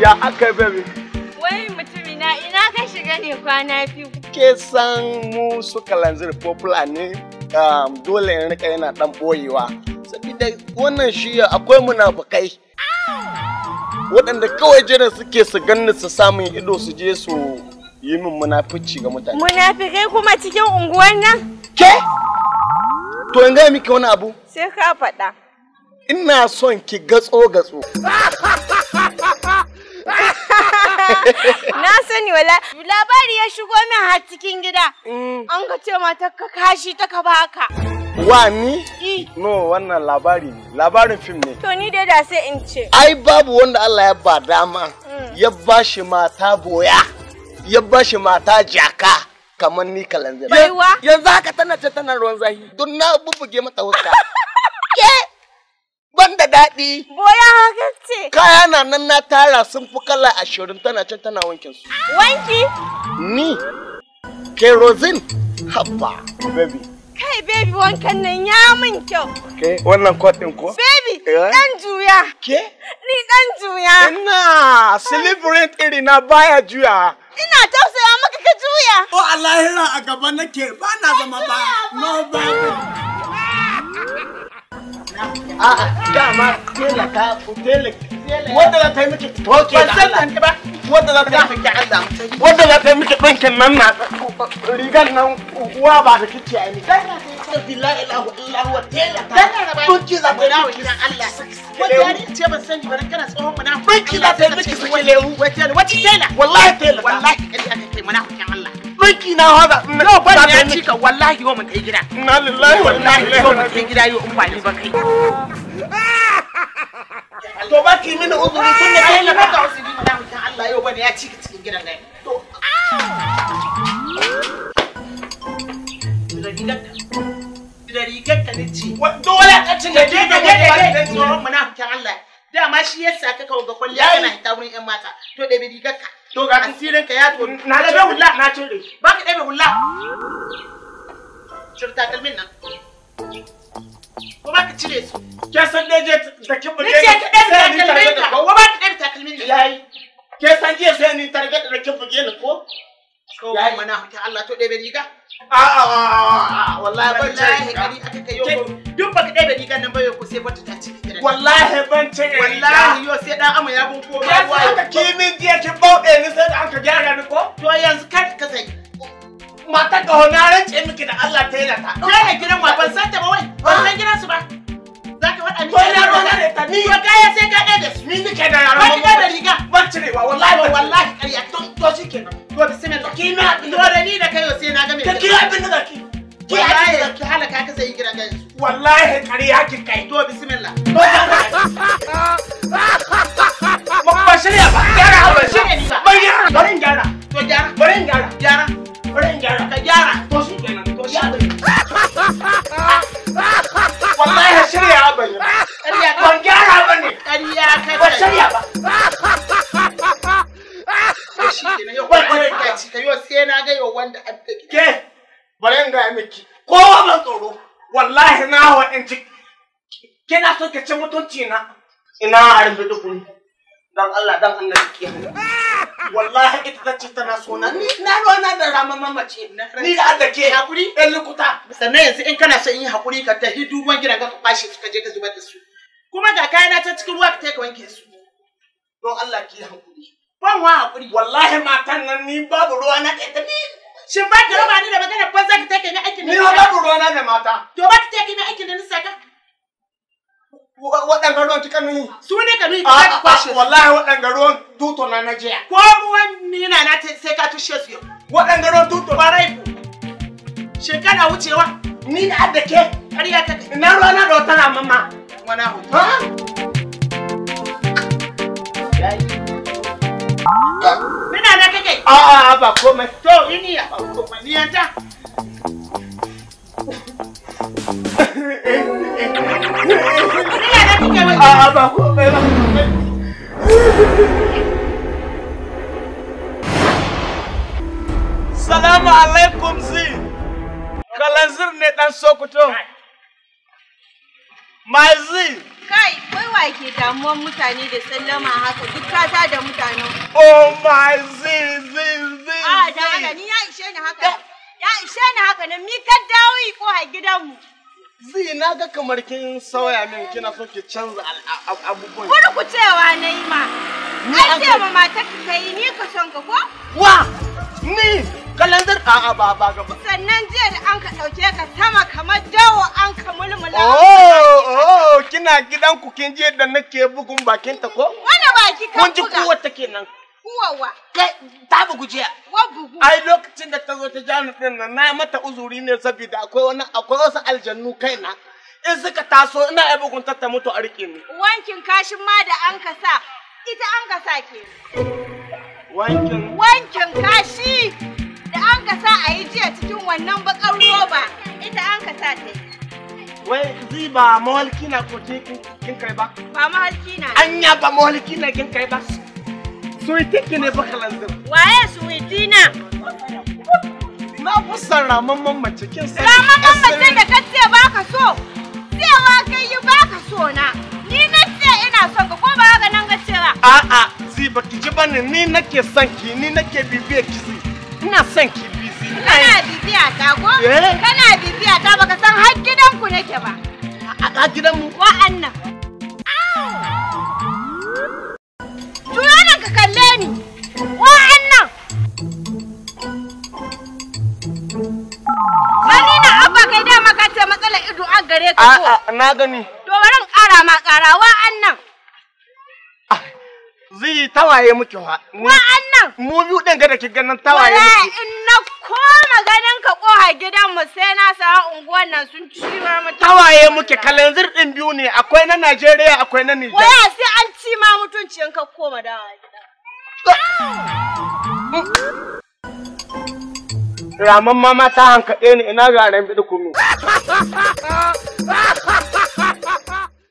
Ya aka bebe. Wai mutumi na ina ka shiga ne kwana biyu. Ke san mu su kalanzir popula ne um, dole in rika yana dan boyewa. Sabida wannan shiya akwai munafukai. Waɗanda kawai jiran suke su ganni su samun ido su je su yi min munafici ga mutane. Munafikai kuma cikin unguwan nan? Ke? To in gaya miki wani abu? Sai ka faɗa. Ina son ki gatso gatso. Na sani wala labari ya shigo min har cikin gida. Mm. An ga ce matar ka kashi ta ka baka. Wa ni? No, wannan labari ne. Labarin fim ne. To ni dai da sai in ce. Ai babu wanda Allah ya ba dama. Mm. Ya ba shi mata boya. Ya ba shi mata jaka. kamar ni kalanzir. Baiwa? Yanzu haka tana ce tana ruwan zahi. Don na bubbuge mata huska. Ke! banda daɗi. Boya haka ce. Kaya na nan na tara sun fi kala ashirin tana can tana wankin su. Wanki? Ni. Kerosene. Habba. Baby. Kai baby wankan nan ya min kyau. Ke wannan kwat ko? Baby, eh? ɗan juya. Ke? Ni ɗan juya. Ina, silibrin iri na baya juya. Ina tausaya maka ka juya. Oh, Allah a gaba nake ba na zama ba. No, baby. a'a dama tela ka tela wanda za ta yi miki toke da Allah ba wanda za ta yi miki Allah wanda za ta yi miki ɗinkin nan na rigar nan uwa ba da kici ai ni ilahu wa tela tunki Allah wanda ce ban sani ba kana ta miki su tela wallahi kai mana Allah banki na hada ba ban ya ka wallahi yau mu kai gida inna lillahi wallahi yau mun kai gida yau in ba ni ba kai to ba ki mini uzuri tun da kai na baka da mutan Allah yau bane ya ci cika cikin gidan nan to da rigarka da ci dole ka cin da gefe ne ba tsoron munafikin Allah dama shi yasa ka kawo ga kwalliya kana hita wurin yan mata to da rigarka To ga asirin ka ya to na da ɗabe hulla na cire. Ba ka ɗabe hulla. Cire takalmin nan. Ko ba ka cire su. Ke san dai je da ki bude. Ni ce ki ɗabe takalmin ka. Ko ba ki ɗabe takalmin nan. Yayi. Ke san jiya sai ni targa da ki buge ni ko? Ko kuma na huta Allah to ɗabe riga. A a a wallahi wallahi kari aka kai yau. Duk ba baka ɗabe riga nan ba yau ko sai bata ta ciki. wallahi ban ce wallahi yo sai dan ama ya bun koma yanzu aka kimin jiya kin bauɗe ni sai da aka gyara ni ko to yanzu kar ka sai mata ga honaran ce miki da Allah ta yana ta kai ne gidan ma ban san ta ba wai ban san gidan su ba faɗa ni ko na ruwa da ta ni ka ya sai ka ɗaya da su ni nake da yaran ba ka da riga ban cirewa wallahi wallahi ƙarya to to shikenan to bismillah kima da ni da kai sai na ga me ta kira abin da wallahi ki halaka ka ki kai to bismillah to ba shirya ba gyara ba shirya ni ba bai gyara bari gyara gyara bari gyara gyara bari in gaya miki ko ban tsoro wallahi na wa wa'anci kina so ka ci mutunci na ina arbi dukun dan Allah dan annabi ki wallahi ita ta ce tana so na ni na rona da rama mamace ni da Allah ke hakuri dan lukuta sannan yanzu in kana so in yi hakuri ka ta hidu ban gidan ka kwashi ka je ka zubar da su kuma ga kayana ta cikin ruwa ka ta ka wanke su don Allah ki hakuri ban wa hakuri wallahi matan nan ni babu ruwa na kai ta ni Shin ba ki raba ni da maganar ban za ki take ni aikin da Ni babu ruwana da mata. To ba ki take ni aikin da ni saka. Waɗan garuwan ki kanu. Su ne kanu ki ka kwashe. Wallahi waɗan garuwan duto na na jiya. Ko ruwan nina na sai ka tushe su yau. Waɗan garuwan duto ba rai. Shekara wucewa. Ni da ke. Ƙarya ta kai. Na ruwana da wata ramamma. Wani hutu. A'a ah, ah, ba komai. To ini ba komai. Ni yanta. Ah, Salamu alaikum zi. Kalanzir ne dan Sokoto. Mazi. damuwan mutane da sallama haka duk ka da mutanen. Oh my zin zin zin. Ah da haka ni ya ishe ni haka. Ya ishe ni haka nan mi ka dawo yi ko a gidanmu. Zi na ga kamar kin sauya min kina so ki canza abubuwan. Kudu ku cewa na yi ma. Ai ce ma matar ka kai ni ka son ka ko? Wa! Ni! Kalandar a'a ba ba gaba. Sannan jiya da an ka ɗauke ka sama kamar dawo an ka mulmula. Oh kina gidanku kin je da nake bugun bakinta ko? Wani baki ka buga. Kun ji kuwa ta kenan. Kuwawa. Ta bugu jiya. Wa bugu. Ai lokacin da ta zo ta ni din nan na mata uzuri ne saboda akwai wani akwai wasu aljannu kaina. In suka taso ina ai bugun ta mutu a rike ni. Wankin kashin ma da an ka sa ita an ka sa ke. Wankin. Wankin kashi da an ka sa a yi jiya cikin wannan bakar roba ita an ka sa ta yi. wai zi ba mahalki na ko kin kai ba ba mahalki na anya ba mahalki na kin kai ba suwiti ki ne ba kalanzir waye suwiti na na fusan ramamman mace kin sai ramamman mace da ka ce ba ka so cewa kai yi ba ka so na ni na ce ina son ka ko ba haka nan ga cewa a'a zi ba ki ji bane ni nake son ki ni nake bibiyar ki zi ina son ki kana bibiya ta ko eh. kana bibiya ta baka san har gidan ku nake ba a gidan mu wa'annan ka kalle ni wa'annan na abba kai da ka ce matsalar ido an gare ka ko na gani to bari in kara ma karawa zai tawaye muke wa. Wa'annan. Mu biyu ɗin ga da ki ganin tawaye muke. in na koma ganin ka ƙoha gidanmu sai na sa unguwan nan sun ma mutum. Tawaye muke kalanzir ɗin biyu ne akwai na Najeriya akwai na Nijar. Waya sai an ma mutunci in ka koma dawa gida. ramamma ma ta hankaɗe ni ina ga ran biɗi kunu.